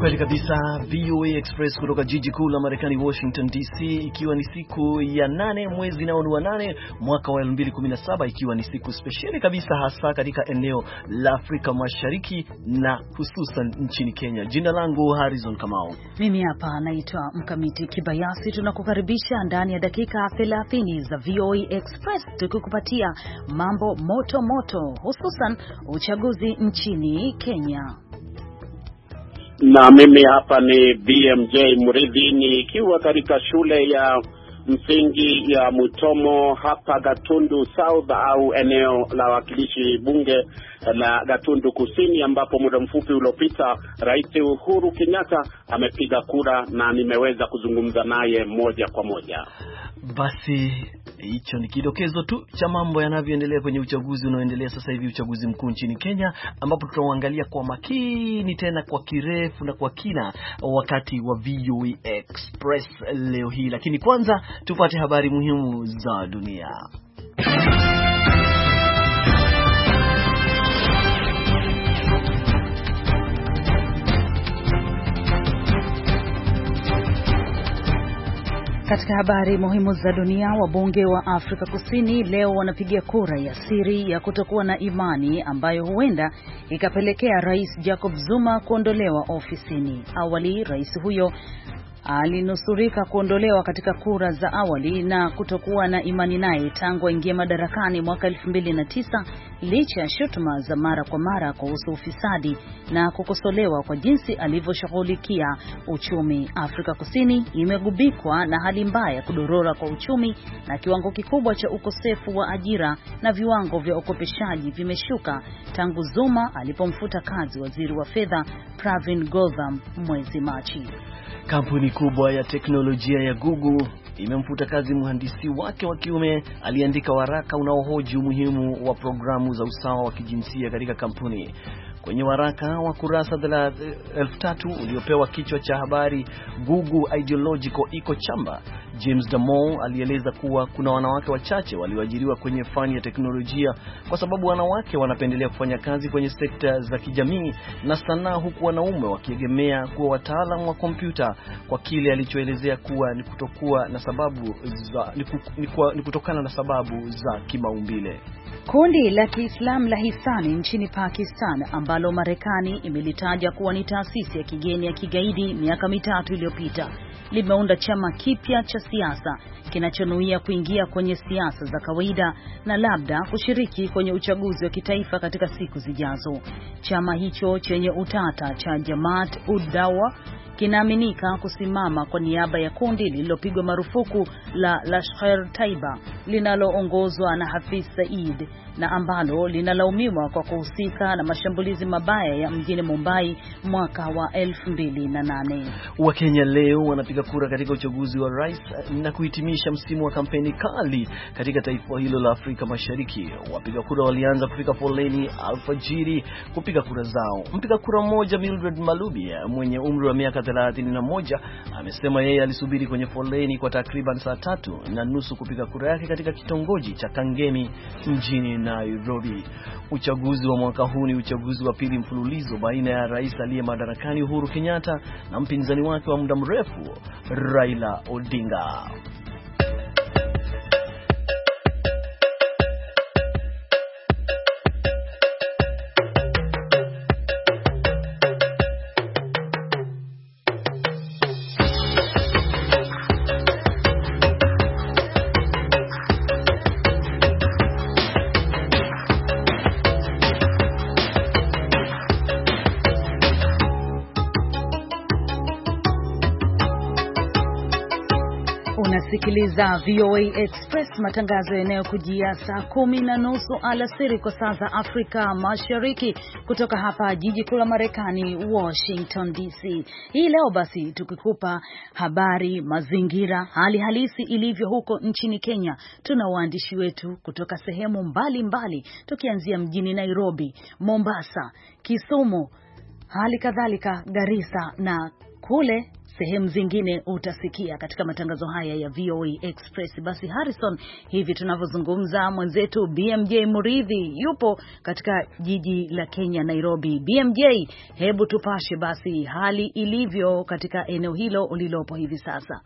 Kweli kabisa, VOA Express kutoka jiji kuu la Marekani, Washington DC, ikiwa ni siku ya nane mwezi nao ni wa nane mwaka wa 2017 ikiwa ni siku spesheli kabisa, hasa katika eneo la Afrika Mashariki na hususan nchini Kenya. Jina langu Harrison Kamau, mimi hapa naitwa Mkamiti Kibayasi. Tunakukaribisha ndani ya dakika 30 za VOA Express tukikupatia mambo moto moto, hususan uchaguzi nchini Kenya na mimi hapa ni BMJ Mridhi nikiwa katika shule ya msingi ya Mutomo hapa Gatundu South au eneo la wakilishi bunge la Gatundu Kusini, ambapo muda mfupi uliopita Rais Uhuru Kenyatta amepiga kura na nimeweza kuzungumza naye moja kwa moja. Basi Hicho ni kidokezo tu cha mambo yanavyoendelea kwenye uchaguzi unaoendelea sasa hivi, uchaguzi mkuu nchini Kenya, ambapo tutauangalia kwa makini tena kwa kirefu na kwa kina wakati wa VOA e Express leo hii, lakini kwanza tupate habari muhimu za dunia. Katika habari muhimu za dunia, wabunge wa Afrika Kusini leo wanapiga kura ya siri ya kutokuwa na imani ambayo huenda ikapelekea Rais Jacob Zuma kuondolewa ofisini. Awali rais huyo alinusurika kuondolewa katika kura za awali na kutokuwa na imani naye tangu aingia madarakani mwaka 2009 licha ya shutuma za mara kwa mara kuhusu ufisadi na kukosolewa kwa jinsi alivyoshughulikia uchumi. Afrika Kusini imegubikwa na hali mbaya ya kudorora kwa uchumi na kiwango kikubwa cha ukosefu wa ajira na viwango vya ukopeshaji vimeshuka tangu Zuma alipomfuta kazi waziri wa fedha Pravin Gordhan mwezi Machi. Kampuni kubwa ya teknolojia ya Google imemfuta kazi mhandisi wake wa kiume aliyeandika waraka unaohoji umuhimu wa programu za usawa wa kijinsia katika kampuni kwenye waraka wa kurasa 3000 eh, uliopewa kichwa cha habari Gugu Ideological Eco Chamber, James Damore alieleza kuwa kuna wanawake wachache walioajiriwa kwenye fani ya teknolojia kwa sababu wanawake wanapendelea kufanya kazi kwenye sekta za kijamii na sanaa, huku wanaume wakiegemea kuwa wataalamu wa kompyuta, kwa kile alichoelezea kuwa ni kutokuwa na sababu za, ni kutokana na sababu za kimaumbile. Kundi la Kiislamu la hisani nchini Pakistan ambalo Marekani imelitaja kuwa ni taasisi ya kigeni ya kigaidi miaka mitatu iliyopita limeunda chama kipya cha siasa kinachonuia kuingia kwenye siasa za kawaida na labda kushiriki kwenye uchaguzi wa kitaifa katika siku zijazo. Chama hicho chenye utata cha Jamaat ud Dawa kinaaminika kusimama kwa niaba ya kundi lililopigwa marufuku la Lashkar Taiba linaloongozwa na Hafiz Said na ambalo linalaumiwa kwa kuhusika na mashambulizi mabaya ya mjini Mumbai mwaka wa 2008. Wakenya leo wanapiga kura katika uchaguzi wa rais na kuhitimisha msimu wa kampeni kali katika taifa hilo la Afrika Mashariki. Wapiga kura walianza kufika foleni alfajiri kupiga kura zao. Mpiga kura mmoja Mildred Malubi mwenye umri wa miaka 31 amesema yeye alisubiri kwenye foleni kwa takriban saa tatu na nusu kupiga kura yake katika kitongoji cha Kangemi mjini Nairobi. Uchaguzi wa mwaka huu ni uchaguzi wa pili mfululizo baina ya rais aliye madarakani Uhuru Kenyatta na mpinzani wake wa muda mrefu Raila Odinga. kusikiliza VOA Express, matangazo yanayokujia saa kumi na nusu alasiri kwa saa za Afrika Mashariki, kutoka hapa jiji kuu la Marekani, Washington DC. Hii leo basi tukikupa habari, mazingira, hali halisi ilivyo huko nchini Kenya. Tuna waandishi wetu kutoka sehemu mbalimbali mbali, tukianzia mjini Nairobi, Mombasa, Kisumu, hali kadhalika Garissa na kule sehemu zingine utasikia katika matangazo haya ya VOA e Express. Basi Harrison, hivi tunavyozungumza, mwenzetu BMJ Muridhi yupo katika jiji la Kenya, Nairobi. BMJ, hebu tupashe basi hali ilivyo katika eneo hilo ulilopo hivi sasa.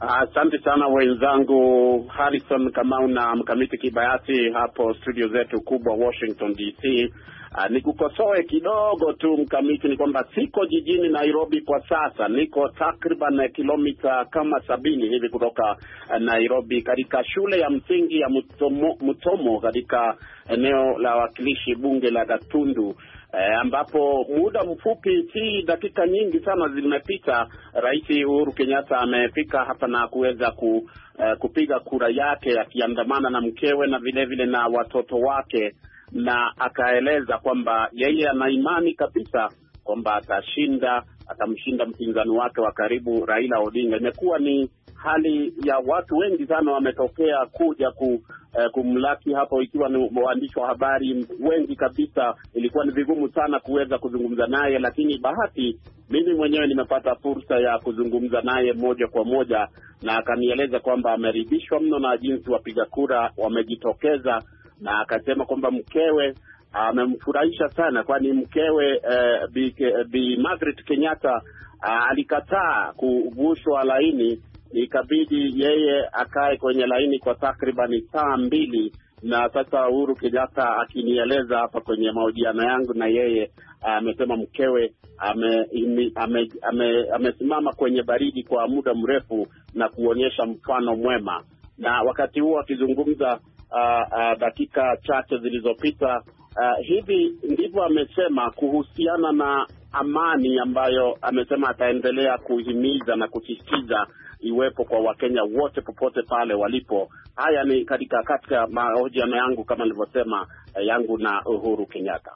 Asante uh, sana wenzangu Harrison Kamau na mkamiti Kibayasi hapo studio zetu kubwa Washington DC. Ah, nikukosoe kidogo tu mkamiti, ni kwamba siko jijini Nairobi kwa sasa, niko takriban kilomita kama sabini hivi kutoka eh, Nairobi, katika shule ya msingi ya Mutomo, Mutomo katika eneo la wakilishi bunge la Gatundu. E, ambapo muda mfupi si dakika nyingi sana zimepita, Rais Uhuru Kenyatta amefika hapa na kuweza ku, uh, kupiga kura yake akiandamana na mkewe na vilevile vile na watoto wake na akaeleza kwamba yeye ana imani kabisa kwamba atashinda, atamshinda mpinzani wake wa karibu Raila Odinga. Imekuwa ni hali ya watu wengi sana wametokea kuja ku, eh, kumlaki hapo, ikiwa ni waandishi wa habari wengi kabisa. Ilikuwa ni vigumu sana kuweza kuzungumza naye, lakini bahati mimi mwenyewe nimepata fursa ya kuzungumza naye moja kwa moja, na akanieleza kwamba ameridhishwa mno na jinsi wapiga kura wamejitokeza na akasema kwamba mkewe amemfurahisha sana, kwani mkewe uh, Bi, eh, Bi Margaret Kenyatta uh, alikataa kuvushwa laini, ikabidi yeye akae kwenye laini kwa takribani saa mbili na sasa Uhuru Kenyatta akinieleza hapa kwenye mahojiano yangu na yeye, ah, amesema mkewe amesimama ame, ame, ame kwenye baridi kwa muda mrefu na kuonyesha mfano mwema. Na wakati huo akizungumza uh, uh, dakika chache zilizopita. Uh, hivi ndivyo amesema kuhusiana na amani ambayo amesema ataendelea kuhimiza na kusisitiza iwepo kwa Wakenya wote popote pale walipo. Haya ni katika katika mahojiano yangu kama nilivyosema eh, yangu na Uhuru Kenyatta.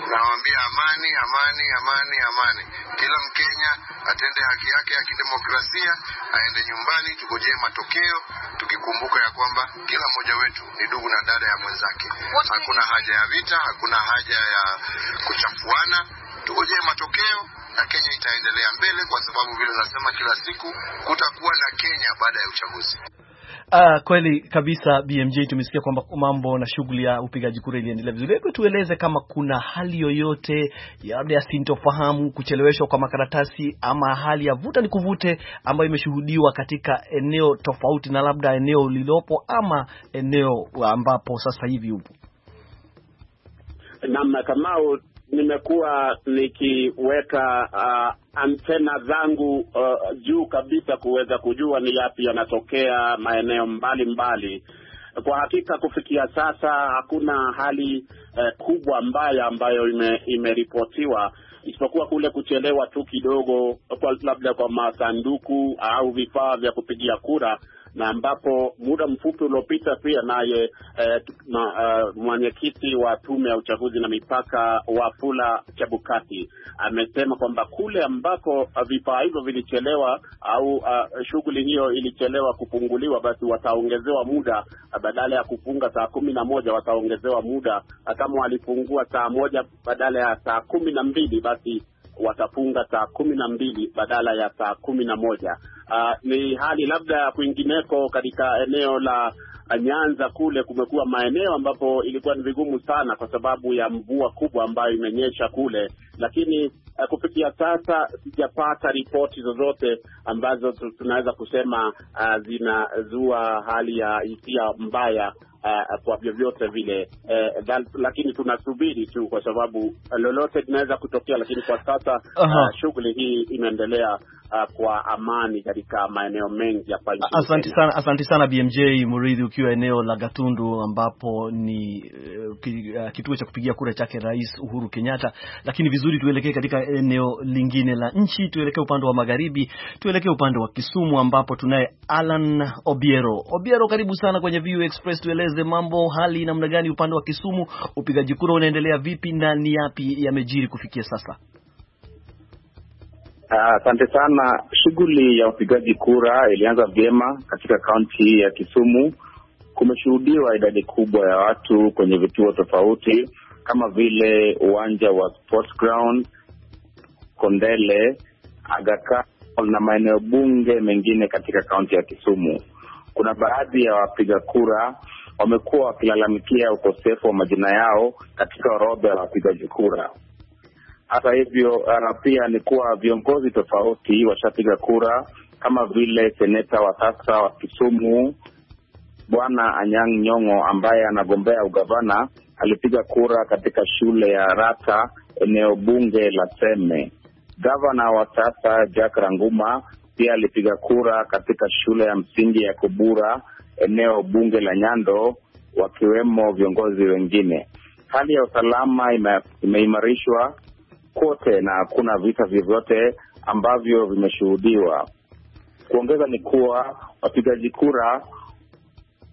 Nawaambia amani, amani, amani, amani. Kila Mkenya atende haki yake ya kidemokrasia, aende nyumbani, tugojee matokeo, tukikumbuka ya kwamba kila mmoja wetu ni ndugu na dada ya mwenzake. Hakuna haja ya vita, hakuna haja ya kuchafuana. Tugojee matokeo na Kenya itaendelea mbele, kwa sababu vile nasema kila siku, kutakuwa na Kenya baada ya uchaguzi. Uh, kweli kabisa BMJ, tumesikia kwamba mambo na shughuli ya upigaji kura iliendelea vizuri. Hebu tueleze kama kuna hali yoyote labda ya sintofahamu, kucheleweshwa kwa makaratasi ama hali ya vuta ni kuvute ambayo imeshuhudiwa katika eneo tofauti na labda eneo lilopo ama eneo ambapo sasa hivi upo. Naam, Kamau, nimekuwa nikiweka uh, antena zangu uh, juu kabisa kuweza kujua ni yapi yanatokea maeneo mbalimbali mbali. Kwa hakika kufikia sasa hakuna hali uh, kubwa mbaya ambayo imeripotiwa ime isipokuwa kule kuchelewa tu kidogo, labda kwa masanduku au vifaa vya kupigia kura na ambapo muda mfupi uliopita pia naye eh, na, uh, eh, mwenyekiti wa tume ya uchaguzi na mipaka Wafula chabukati amesema kwamba kule ambako vifaa hivyo vilichelewa au uh, shughuli hiyo ilichelewa kufunguliwa, basi wataongezewa muda badala ya kufunga saa kumi na moja wataongezewa muda. Kama walifungua saa moja badala ya saa kumi na mbili basi watafunga saa kumi na mbili badala ya saa kumi na moja. Uh, ni hali labda kwingineko katika eneo la Nyanza kule kumekuwa maeneo ambapo ilikuwa ni vigumu sana kwa sababu ya mvua kubwa ambayo imenyesha kule, lakini uh, kufikia sasa sijapata ripoti zozote ambazo tunaweza kusema uh, zinazua hali ya hisia mbaya uh, kwa vyovyote vile uh, eh, that, lakini tunasubiri tu kwa sababu eh, lolote linaweza kutokea, lakini kwa sasa uh -huh. shughuli hii imeendelea kwa amani katika maeneo mengi hapa nchini. Asante sana, asante sana BMJ Muridhi, ukiwa eneo la Gatundu ambapo ni uh, kituo cha kupigia kura chake Rais Uhuru Kenyatta. Lakini vizuri, tuelekee katika eneo lingine la nchi, tuelekee upande wa magharibi, tuelekee upande wa Kisumu ambapo tunaye Alan Obiero. Obiero, karibu sana kwenye View Express, tueleze tueleze mambo, hali namna gani upande wa Kisumu, upigaji kura unaendelea vipi na ni yapi yamejiri kufikia sasa? Ah, asante uh, sana. Shughuli ya upigaji kura ilianza vyema katika kaunti ya Kisumu. Kumeshuhudiwa idadi kubwa ya watu kwenye vituo tofauti kama vile uwanja wa Sports Ground, Kondele, Agaka na maeneo bunge mengine katika kaunti ya Kisumu. Kuna baadhi ya wapiga kura wamekuwa wakilalamikia ukosefu wa majina yao katika orodha ya wapigaji kura. Hata hivyo, uh, pia ni kuwa viongozi tofauti washapiga kura kama vile seneta wa sasa wa Kisumu Bwana Anyang' Nyong'o ambaye anagombea ugavana alipiga kura katika shule ya Rata, eneo bunge la Seme. Gavana wa sasa Jack Ranguma pia alipiga kura katika shule ya msingi ya Kubura eneo bunge la Nyando, wakiwemo viongozi wengine. Hali ya usalama imeimarishwa kote na hakuna visa vyovyote ambavyo vimeshuhudiwa. Kuongeza ni kuwa wapigaji kura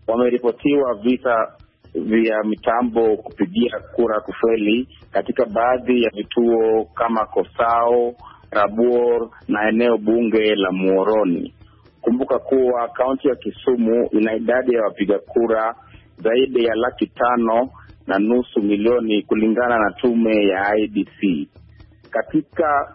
wameripotiwa visa vya mitambo kupigia kura kufeli katika baadhi ya vituo kama Kosao, Rabuor na eneo bunge la Muoroni. Kumbuka kuwa kaunti ya Kisumu ina idadi ya wapiga kura zaidi ya laki tano na nusu milioni kulingana na tume ya IBC. Katika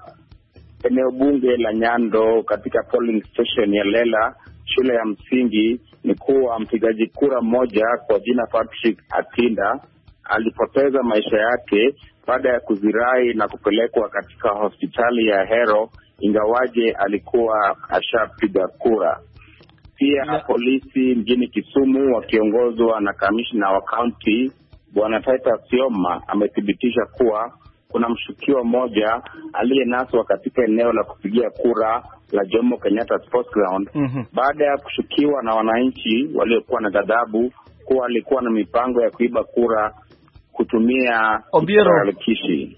eneo bunge la Nyando, katika polling station ya Lela shule ya msingi, ni kuwa mpigaji kura mmoja kwa jina Patrick Atinda alipoteza maisha yake baada ya kuzirai na kupelekwa katika hospitali ya Hero ingawaje alikuwa ashapiga kura. Pia yeah. polisi mjini Kisumu wakiongozwa na kamishna wa kaunti Bwana Titus Sioma amethibitisha kuwa kuna mshukiwa mmoja aliyenaswa katika eneo la kupigia kura la Jomo Kenyatta Sports Ground mm -hmm. baada ya kushukiwa na wananchi waliokuwa na ghadhabu kuwa alikuwa na mipango ya kuiba kura kutumia Obiero. Kishi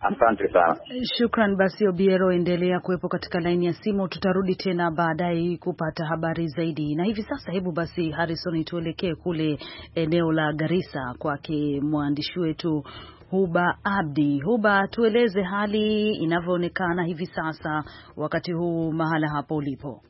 Asante sana, shukran. Basi Obiero, endelea kuwepo katika laini ya simu, tutarudi tena baadaye kupata habari zaidi. Na hivi sasa, hebu basi Harrison, tuelekee kule eneo la Garissa kwake mwandishi wetu Huba Abdi. Huba, tueleze hali inavyoonekana hivi sasa wakati huu mahala hapo ulipo.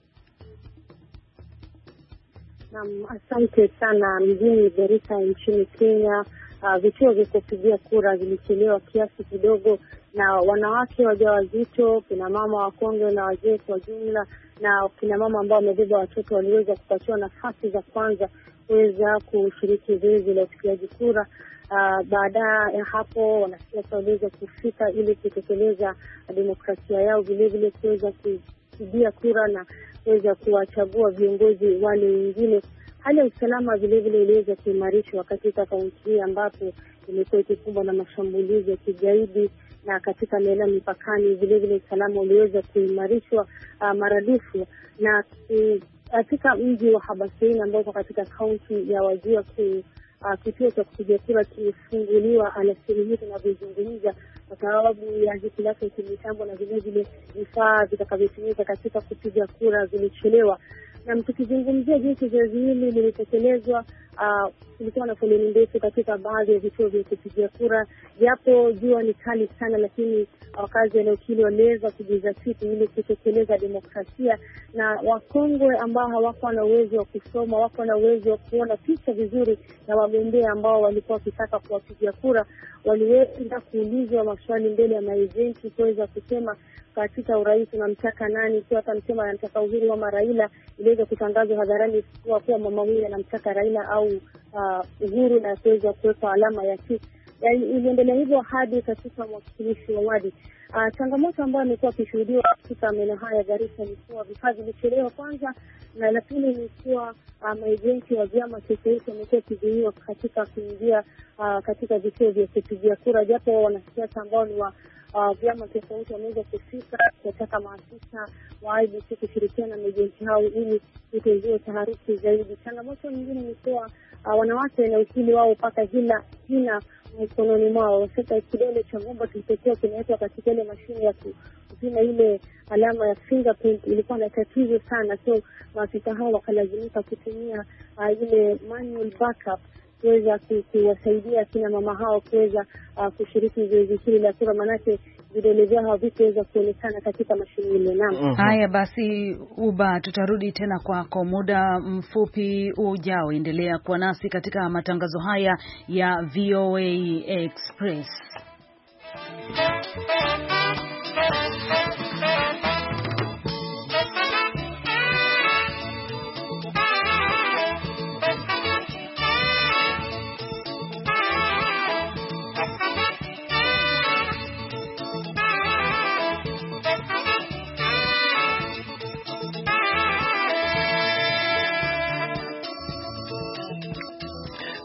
Naam, asante sana. Mjini Garissa nchini Kenya uh, vituo vya kupigia kura vilichelewa kiasi kidogo, na wanawake wajawazito, kina mama wakongwe na wazee kwa jumla, na kina mama ambao wamebeba watoto waliweza kupatiwa nafasi za kwanza kuweza kushiriki zoezi la upigaji kura. Uh, baada ya hapo wanasiasa waliweza kufika ili kutekeleza demokrasia yao, vilevile kuweza kupigia kura na kuweza kuwachagua viongozi wale wengine Hali ya usalama vilevile iliweza kuimarishwa katika kaunti hii ambapo imekuwa ikikumbwa na mashambulizi ya kigaidi na katika maeneo mipakani vilevile usalama uliweza kuimarishwa uh, maradufu na uh, katika mji wa habasein ambao uko katika kaunti ya wajia Kuu, uh, ah, kituo cha kupiga kura kimefunguliwa alasiri hii tunavyozungumza, kwa sababu ya hitilafu ya kimitambo na vilevile vifaa vitakavyotumika katika kupiga kura vilichelewa, na tukizungumzia jinsi zoezi hili lilitekelezwa, ah, kulikuwa uh, na foleni ndefu katika baadhi ya vituo vya kupigia kura, japo jua ni kali sana, lakini ah, wakazi wa eneo hili waliweza kujizatiti ili kutekeleza demokrasia, na wakongwe ambao hawakuwa na uwezo wa kusoma, wako na uwezo wa kuona picha vizuri, na wagombea ambao walikuwa wakitaka kuwapigia kura waliweza kuulizwa maswali mbele ya maejenti kuweza kusema katika urais unamtaka nani? Ikiwa atamsema anataka Uhuru ama Raila, iliweza kutangazwa hadharani kuwa kuwa mama huyu anamtaka Raila au uh, Uhuru na kuweza kuwekwa alama ya si Yani, iliendelea hivyo hadi katika mwakilishi wa wadi. Uh, changamoto ambayo amekuwa akishuhudiwa katika maeneo haya ya Garissa ni kuwa vifaa vilichelewa kwanza, na la pili ni kuwa uh, maejenti wa vyama tofauti wamekuwa wakizuiwa katika kuingia uh, katika vituo vya kupigia kura, japo wanasiasa ambao ni wa uh, vyama tofauti wameweza kufika kuwataka maafisa wa IEBC kushirikiana na majenti hao ili ituzie taharuki zaidi. Changamoto nyingine ni kuwa uh, wanawake na ukili wao mpaka hila hina mkononi mwao. Sasa kidole cha gumba kilitokea kinawekwa katika ile mashine ya kupima ile alama ya fingerprint, ilikuwa na tatizo sana, so maafisa hao wakalazimika kutumia uh, ile manual backup kuweza kuwasaidia kina mama hao kuweza uh, kushiriki zoezi hili la kura, maanake vidole vyao havikuweza kuonekana katika ile. Naam. mm -hmm. Haya basi, Uba, tutarudi tena kwako muda mfupi ujao. Endelea kuwa nasi katika matangazo haya ya VOA Express.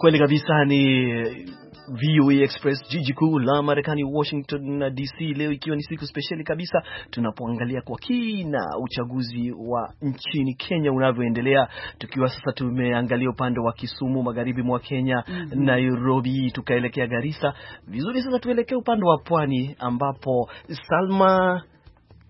kweli kabisa ni eh, VOA e Express, jiji kuu la Marekani, Washington na DC, leo ikiwa ni siku spesheli kabisa, tunapoangalia kwa kina uchaguzi wa nchini Kenya unavyoendelea, tukiwa sasa tumeangalia upande wa Kisumu, magharibi mwa Kenya mm -hmm. Nairobi, tukaelekea Garissa. Vizuri, sasa tuelekee upande wa pwani ambapo Salma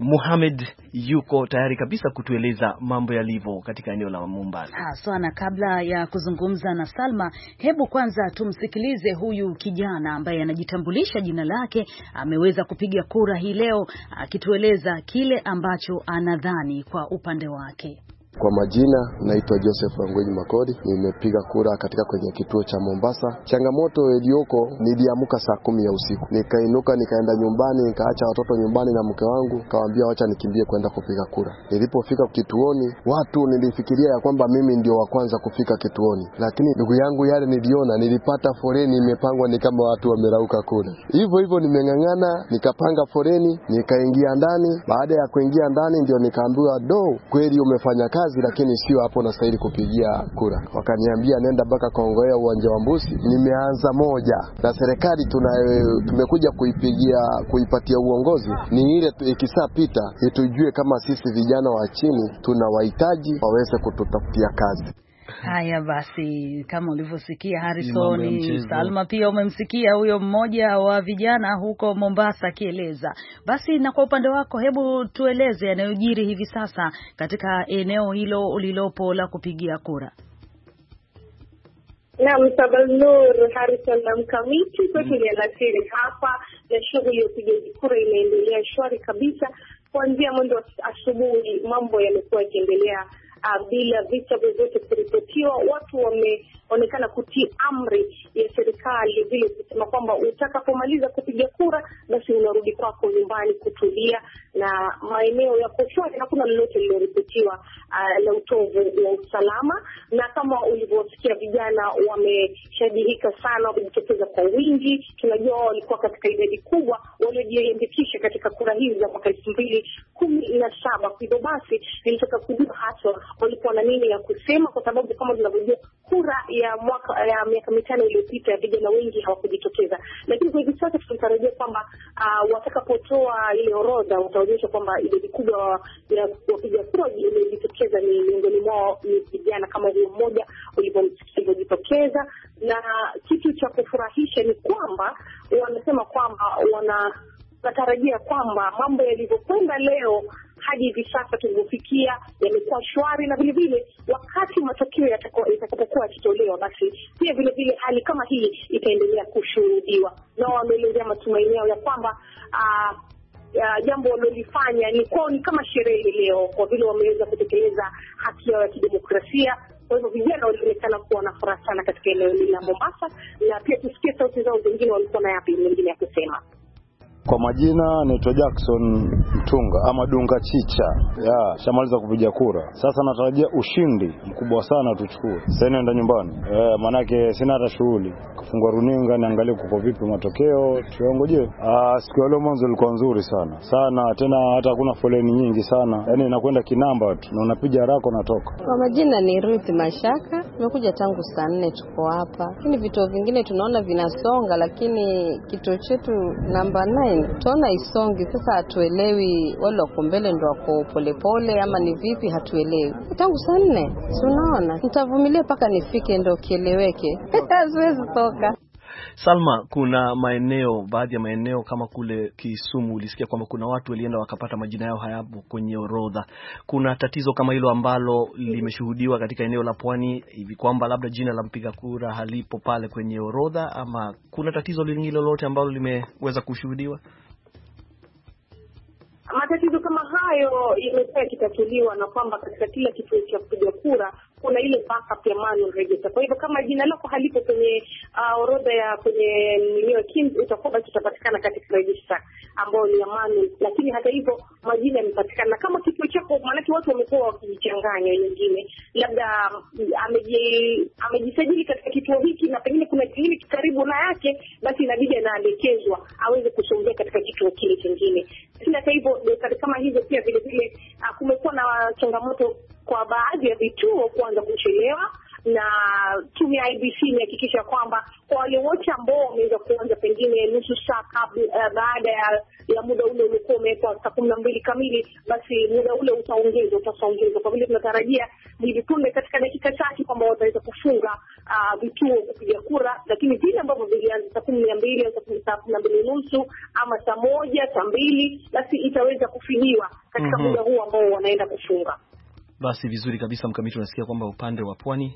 Muhamed yuko tayari kabisa kutueleza mambo yalivyo katika eneo la Mombasa ah, so Na kabla ya kuzungumza na Salma, hebu kwanza tumsikilize huyu kijana ambaye anajitambulisha jina lake, ameweza kupiga kura hii leo, akitueleza kile ambacho anadhani kwa upande wake. Kwa majina naitwa Joseph Wangwenyi Makori, nimepiga kura katika kwenye kituo cha Mombasa. Changamoto iliyoko, niliamka saa kumi ya usiku, nikainuka nikaenda nyumbani, nikaacha watoto nyumbani na mke wangu, kawaambia wacha nikimbie kwenda kupiga kura. Nilipofika kituoni, watu nilifikiria ya kwamba mimi ndio wa kwanza kufika kituoni, lakini ndugu yangu, yale niliona, nilipata foreni imepangwa ni kama watu wamerauka kule. Hivyo hivyo nimeng'ang'ana, nikapanga foreni, nikaingia ndani. Baada ya kuingia ndani, ndio nikaambiwa do, kweli umefanya kazi kazi, lakini sio hapo nastahili kupigia kura. Wakaniambia nenda mpaka Kongoea uwanja wa Mbusi. Nimeanza moja na serikali tumekuja kuipigia kuipatia uongozi ni ile ikisapita, itujue kama sisi vijana wa chini tunawahitaji waweze kututafutia kazi. Haya basi, kama ulivyosikia Harrison Salma, pia umemsikia huyo mmoja wa vijana huko Mombasa akieleza. Basi na kwa upande wako, hebu tueleze yanayojiri hivi sasa katika eneo hilo ulilopo la kupigia kura. Naam, Sabanur Harrison na mkamiti kwetu ni mm. alasiri hapa, na shughuli ya upigaji kura imeendelea shwari kabisa. Kuanzia mwendo wa asubuhi, mambo yamekuwa yakiendelea uh, bila visa vyovyote kuripotiwa. Watu wameonekana kutii amri ya serikali vile kusema kwamba utakapomaliza kupiga kura, basi unarudi kwako nyumbani kutulia, na maeneo ya shwari hakuna lolote lililoripotiwa uh, la utovu wa usalama. Na kama ulivyosikia, vijana wameshajihika sana, wamejitokeza kwa wingi. Tunajua wao walikuwa katika idadi kubwa waliojiandikisha katika kura hizi za mwaka elfu mbili kumi na saba. Hivyo basi nilitaka kujua haswa na nini ya kusema, kwa sababu kama tunavyojua kura ya mwaka ya miaka mitano iliyopita vijana wengi hawakujitokeza, lakini kwa hivi sasa tunatarajia kwamba uh, watakapotoa ile orodha wataonyesha kwamba idadi kubwa ya wapiga kura iliyojitokeza ni miongoni mwao ni vijana kama huyo mmoja ulivyojitokeza, na kitu cha kufurahisha ni kwamba wanasema kwamba natarajia kwamba mambo yalivyokwenda leo hadi hivi sasa tulivyofikia yamekuwa shwari, na vilevile wakati matokeo yatakapokuwa yakitolewa, basi pia vilevile hali kama hii itaendelea kushuhudiwa, nao wameelezea matumaini yao ya kwamba ah, jambo wamelifanya ni kwao ni kama sherehe leo, kwa vile wameweza kutekeleza haki yao ya kidemokrasia. Kwa hivyo vijana walionekana kuwa na furaha sana katika eneo hili la Mombasa, na pia tusikie sauti zao zingine walikuwa na yapi mengine ya kusema. Kwa majina naitwa Jackson Mtunga ama Dunga Chicha. Ya, shamaliza kupiga kura. Sasa natarajia ushindi mkubwa sana tuchukue. Sasa naenda nyumbani. Eh, yake sina hata shughuli. Kufungua runinga niangalie kuko vipi matokeo, tuongoje. Ah, siku ya leo mwanzo ilikuwa nzuri sana. Sana tena hata hakuna foleni nyingi sana. Yaani nakwenda kinamba tu na unapiga haraka natoka. Kwa majina ni Ruth Mashaka. Tumekuja tangu saa nne, tuko hapa, lakini vituo vingine tunaona vinasonga, lakini kituo chetu namba 9 tunaona isongi. Sasa hatuelewi wale wako mbele ndo wako polepole ama ni vipi, hatuelewi. Tangu saa nne, tunaona ntavumilia nitavumilia mpaka nifike ndo kieleweke. Siwezi toka Salma, kuna maeneo baadhi ya maeneo kama kule Kisumu ulisikia kwamba kuna watu walienda wakapata majina yao hayapo kwenye orodha. Kuna tatizo kama hilo ambalo limeshuhudiwa katika eneo la pwani hivi kwamba labda jina la mpiga kura halipo pale kwenye orodha, ama kuna tatizo lingine lolote ambalo limeweza kushuhudiwa? Matatizo kama hayo yamekuwa yakitatuliwa na kwamba katika kila kituo cha kupiga kura kuna ile backup ya manual register. Kwa hivyo kama jina lako halipo kwenye uh, orodha ya kwenye nilio KIMS, utakuwa basi utapatikana katika register ambayo ni ya manual, lakini hata hivyo majina yamepatikana. Na kama kituo chako, maanake watu wamekuwa wakijichanganya, wengine labda mm, ameji, amejisajili katika kituo hiki na pengine kuna kingine karibu na yake, basi inabidi anaelekezwa aweze kusongea katika kituo kile kingine. Lakini hata hivyo kama hizo pia vile uh, kumekuwa na changamoto kwa baadhi ya vituo kwa kuanza kuchelewa, na tume ya IBC imehakikisha kwamba kwa wale wote ambao wameweza kuanza pengine nusu saa kabla uh, baada ya ya muda ule uliokuwa umewekwa saa kumi na mbili kamili, basi muda ule utaongezwa utaongezwa, kwa vile tunatarajia hivi punde katika dakika chache kwamba wataweza kufunga uh, vituo kupiga kura, lakini vile ambavyo vilianza saa kumi na mbili au saa kumi na mbili nusu ama saa moja saa mbili, basi itaweza kufiniwa katika mm -hmm. muda ambao wanaenda kufunga. Basi vizuri kabisa, Mkamiti, unasikia kwamba upande wa pwani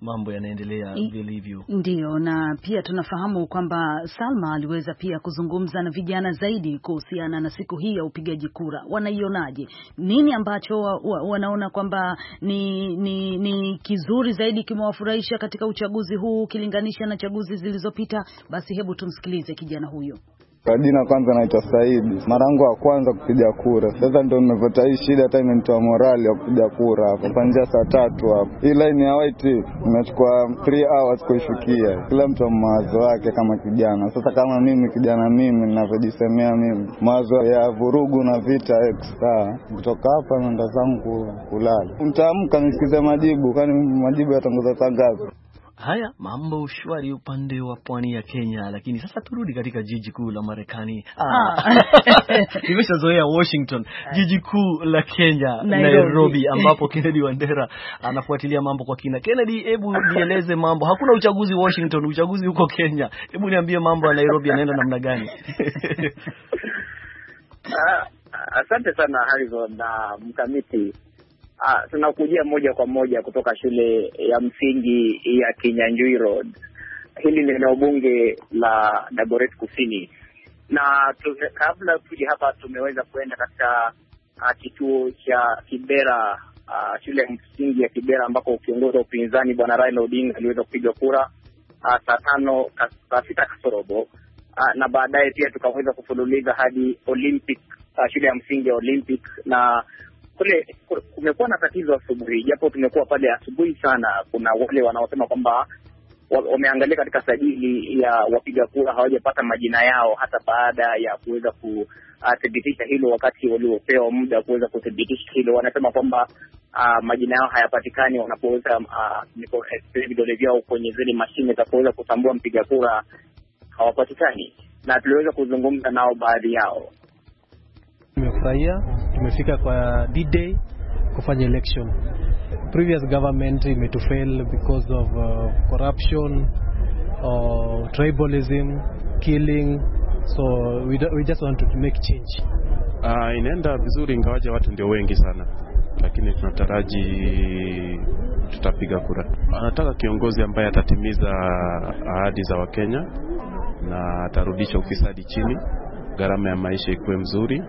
mambo yanaendelea vilivyo. Ndiyo, na pia tunafahamu kwamba Salma aliweza pia kuzungumza na vijana zaidi kuhusiana na siku hii ya upigaji kura. Wanaionaje? Nini ambacho wa, wa, wanaona kwamba ni, ni, ni kizuri zaidi kimewafurahisha katika uchaguzi huu ukilinganisha na chaguzi zilizopita? Basi hebu tumsikilize kijana huyo. Kwa jina kwanza naitwa Saidi. Mara yangu ya kwanza kupiga kura, sasa ndio nimepata hii shida, hata imenitoa morali ya kupiga kura hapa. Kuanzia saa tatu hapa hii line ya white imechukua 3 hours kuifikia. Kila mtu ana mawazo yake kama kijana. Sasa kama mimi kijana, mimi ninavyojisemea mimi, mawazo ya vurugu na vita extra. Kutoka hapa naenda zangu kulala, nitaamka nisikize majibu, kwani majibu yatangaza saa ngapi? Haya, mambo shwari upande wa pwani ya Kenya, lakini sasa turudi katika jiji kuu la Marekani. Ah. Ah. Nimeshazoea Washington, jiji kuu la Kenya Nairobi, Nairobi ambapo Kennedy Wandera anafuatilia mambo kwa kina. Kennedy, hebu nieleze mambo. Hakuna uchaguzi Washington, uchaguzi huko Kenya. Hebu niambie mambo ya Nairobi yanaenda namna gani? Ah, asante sana Harrison na mkamiti Ah, tunakujia moja kwa moja kutoka shule ya msingi ya Kinyanjui Road. Hili ni eneo bunge la Dagoret Kusini, na tume, kabla tuja hapa tumeweza kuenda katika uh, kituo cha Kibera uh, shule ya msingi ya Kibera ambako kiongozi wa upinzani bwana Raila Odinga aliweza kupiga kura uh, saa tano saa sita kasorobo uh, na baadaye pia tukaweza kufululiza hadi Olympic uh, shule ya msingi ya Olympic na kule kumekuwa na tatizo asubuhi, japo tumekuwa pale asubuhi sana. Kuna wale wanaosema kwamba wameangalia katika sajili ya wapiga kura hawajapata majina yao hata baada ya kuweza kuthibitisha hilo, wakati waliopewa muda wa kuweza kuthibitisha hilo. Wanasema kwamba uh, majina yao hayapatikani wanapoweza uh, vidole vyao kwenye zile mashine za kuweza kutambua mpiga kura hawapatikani, na tuliweza kuzungumza nao baadhi yao kufurahia tumefika kwa D-Day kufanya election. Previous government imetufail because of uh, corruption or uh, tribalism, killing so we, we just want to make change. Uh, inaenda vizuri ingawaje watu ndio wengi sana, lakini tunataraji tutapiga kura. Anataka kiongozi ambaye atatimiza ahadi za Wakenya na atarudisha ufisadi chini, gharama ya maisha ikuwe mzuri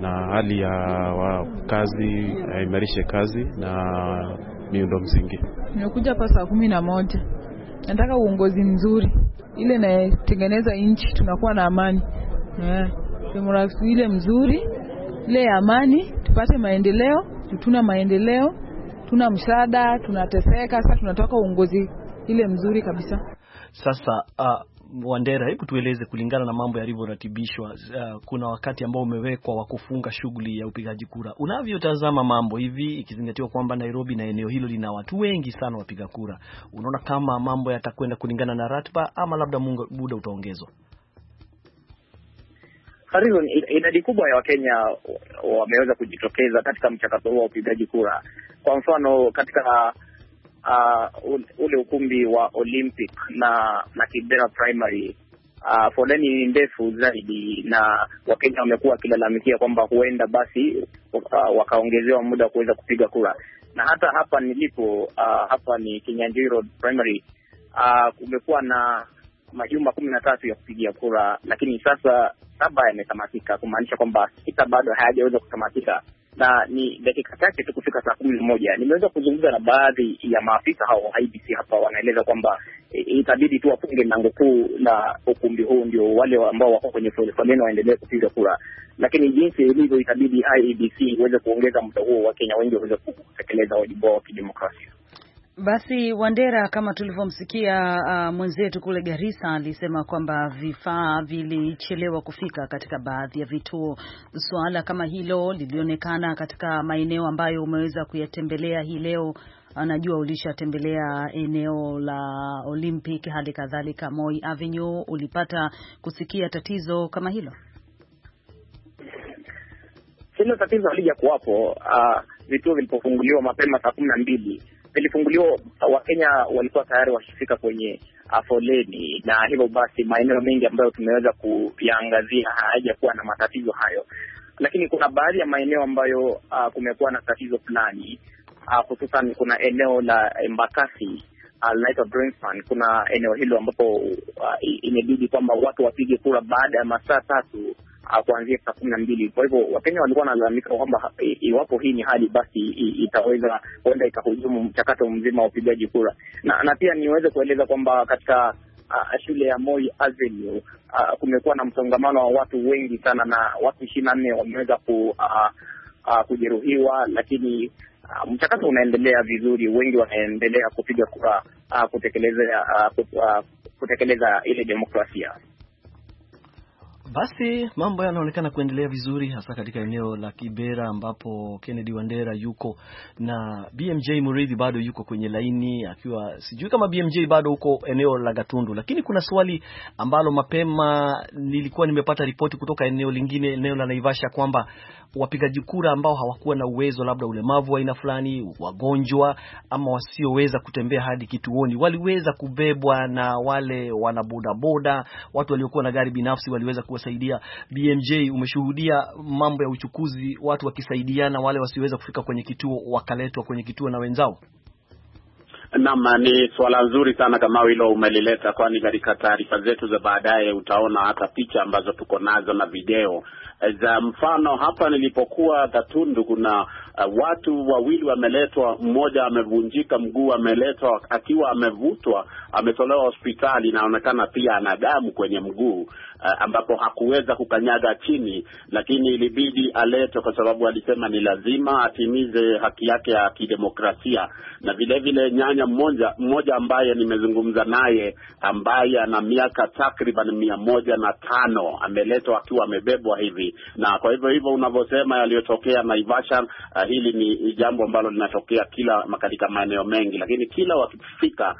na hali ya kazi eh, imarishe kazi na miundo msingi. Nimekuja hapa saa kumi na moja, nataka uongozi mzuri ile inayotengeneza nchi, tunakuwa na amani yeah. ile mzuri ile ya amani, tupate maendeleo. tuna maendeleo, tuna msaada, tunateseka. Sasa tunataka uongozi ile mzuri kabisa. Sasa uh... Wandera, hebu tueleze kulingana na mambo yalivyoratibishwa, uh, kuna wakati ambao umewekwa wa kufunga shughuli ya upigaji kura. Unavyotazama mambo hivi, ikizingatiwa kwamba Nairobi na eneo hilo lina watu wengi sana wapiga kura, unaona kama mambo yatakwenda kulingana na ratiba ama labda muda utaongezwa? Harizon, idadi kubwa ya Wakenya wameweza kujitokeza katika mchakato huo wa upigaji kura. Kwa mfano katika uh, ule ukumbi wa Olympic na na Kibera Primary uh, foleni ni ndefu zaidi, na Wakenya wamekuwa wakilalamikia kwamba huenda basi uh, wakaongezewa muda wa kuweza kupiga kura. Na hata hapa nilipo, uh, hapa ni Kinyanjui Road Primary, uh, kumekuwa na majuma kumi na tatu ya kupigia kura, lakini sasa saba yametamatika, kumaanisha kwamba sita bado hayajaweza kutamatika na ni dakika chache tu kufika saa kumi na moja. Nimeweza kuzungumza na baadhi ya maafisa hao wa IBC hapa, wanaeleza kwamba e, itabidi tu wafunge mlango kuu na ukumbi huu, ndio wale ambao wako kwenye foleni waendelee kupiga kura, lakini jinsi ilivyo, itabidi IBC iweze kuongeza muda huo, Wakenya wengi waweze kutekeleza wajibu wao wa kidemokrasia. Basi Wandera, kama tulivyomsikia uh, mwenzetu kule Garissa alisema kwamba vifaa vilichelewa kufika katika baadhi ya vituo. Suala kama hilo lilionekana katika maeneo ambayo umeweza kuyatembelea hii leo. Anajua ulishatembelea eneo la Olympic, hali kadhalika Moi Avenue. Ulipata kusikia tatizo kama hilo? Hilo tatizo halija kuwapo uh, vituo vilipofunguliwa mapema saa kumi na mbili zilifunguliwa, Wakenya walikuwa tayari wakifika kwenye uh, foleni, na hivyo basi maeneo mengi ambayo tumeweza kuyaangazia hayajakuwa na matatizo hayo, lakini kuna baadhi ya maeneo ambayo uh, kumekuwa na tatizo fulani uh, hususan kuna eneo la Embakasi uh, linaitwa Kuna eneo hilo ambapo uh, imebidi kwamba watu wapige kura baada ya masaa tatu Uh, kuanzia saa kumi na mbili. Kwa hivyo Wakenya walikuwa wanalalamika kwamba iwapo hii ni hali basi itaweza huenda ikahujumu mchakato mzima wa upigaji kura, na, na pia niweze kueleza kwamba katika Uh, shule ya Moi Avenue uh, kumekuwa na msongamano wa watu wengi sana na watu ishirini na nne wameweza ku, uh, uh, kujeruhiwa, lakini uh, mchakato unaendelea vizuri, wengi wanaendelea kupiga kura uh, kutekeleza uh, uh kutekeleza ile demokrasia. Basi mambo yanaonekana kuendelea vizuri hasa katika eneo la Kibera ambapo Kennedy Wandera yuko na BMJ Muridhi bado yuko kwenye laini, akiwa sijui kama BMJ bado huko eneo la Gatundu, lakini kuna swali ambalo mapema nilikuwa nimepata ripoti kutoka eneo lingine, eneo la Naivasha, kwamba wapigaji kura ambao hawakuwa na uwezo, labda ulemavu wa aina fulani, wagonjwa ama wasioweza kutembea hadi kituoni, waliweza kubebwa na wale bodaboda watu waliokuwa na gari binafsi waliweza kuwasaidia. BMJ, umeshuhudia mambo ya uchukuzi, watu wakisaidiana, wale wasioweza kufika kwenye kituo wakaletwa kwenye kituo na wenzao. Naam, ni suala nzuri sana kama hilo umelileta, kwani katika taarifa zetu za baadaye utaona hata picha ambazo tuko nazo na video za mfano. Hapa nilipokuwa Gatundu, kuna uh, watu wawili wameletwa, mmoja amevunjika mguu, ameletwa akiwa amevutwa, ametolewa hospitali, inaonekana pia ana damu kwenye mguu uh, ambapo hakuweza kukanyaga chini, lakini ilibidi aletwe kwa sababu alisema ni lazima atimize haki yake ya kidemokrasia na vilevile vile nyanya mmoja mmoja ambaye nimezungumza naye ambaye ana miaka takriban mia moja na tano ameletwa akiwa amebebwa hivi, na kwa hivyo hivyo unavyosema yaliyotokea Naivasha, uh, hili ni jambo ambalo linatokea kila katika maeneo mengi, lakini kila wakifika,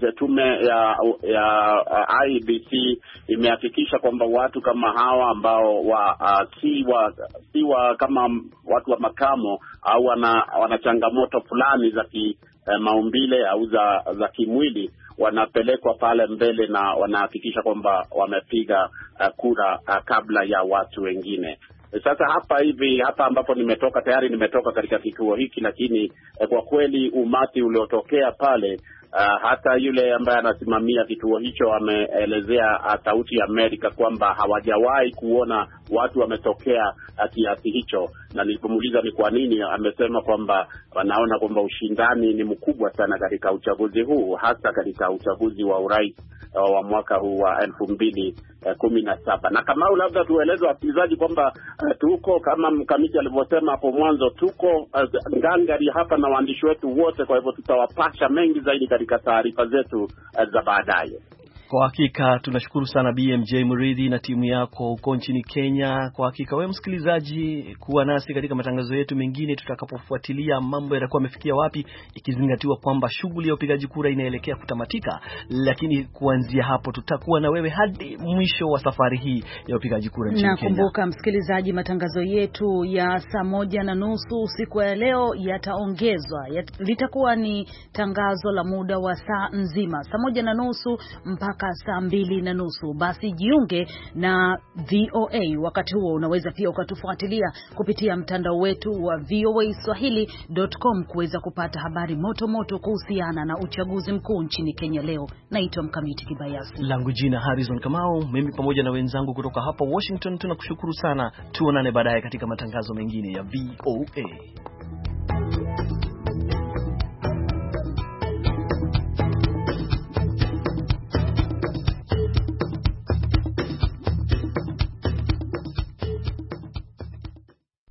uh, tume ya, ya uh, ah, IBC imehakikisha kwamba watu kama hawa ambao wa, uh, si wa, si wa kama watu wa makamo au wana, wana changamoto fulani za eh, maumbile au za, za kimwili wanapelekwa pale mbele na wanahakikisha kwamba wamepiga uh, kura uh, kabla ya watu wengine. Sasa hapa hivi hapa ambapo nimetoka tayari nimetoka katika kituo hiki, lakini eh, kwa kweli umati uliotokea pale uh, hata yule ambaye anasimamia kituo hicho ameelezea uh, Sauti ya Amerika kwamba hawajawahi kuona watu wametokea uh, kiasi hicho na nilipomuuliza ni kwa nini, amesema kwamba wanaona kwamba ushindani ni mkubwa sana katika uchaguzi huu, hasa katika uchaguzi wa urais uh, wa mwaka huu wa elfu mbili uh, kumi na saba. Na Kamau, labda tueleze wasikilizaji kwamba uh, tuko kama mkamiti alivyosema hapo mwanzo, tuko uh, ngangari hapa na waandishi wetu wote, kwa hivyo tutawapasha mengi zaidi katika taarifa zetu uh, za baadaye. Kwa hakika tunashukuru sana BMJ Mridhi na timu yako huko nchini Kenya. Kwa hakika wewe msikilizaji, kuwa nasi katika matangazo yetu mengine tutakapofuatilia mambo yatakuwa yamefikia wapi, ikizingatiwa kwamba shughuli ya upigaji kura inaelekea kutamatika, lakini kuanzia hapo tutakuwa na wewe hadi mwisho wa safari hii ya upigaji kura nchini Kenya. Nakumbuka msikilizaji, matangazo yetu ya saa moja na nusu usiku ya leo yataongezwa ya, litakuwa ni tangazo la muda wa saa nzima, saa moja na nusu mpaka mpaka saa mbili na nusu. Basi jiunge na VOA wakati huo. Unaweza pia ukatufuatilia kupitia mtandao wetu wa voa Swahili.com kuweza kupata habari moto moto kuhusiana na uchaguzi mkuu nchini Kenya leo. Naitwa Mkamiti Kibayasi, langu jina Harrison Kamau. Mimi pamoja na wenzangu kutoka hapa Washington tunakushukuru sana, tuonane baadaye katika matangazo mengine ya VOA.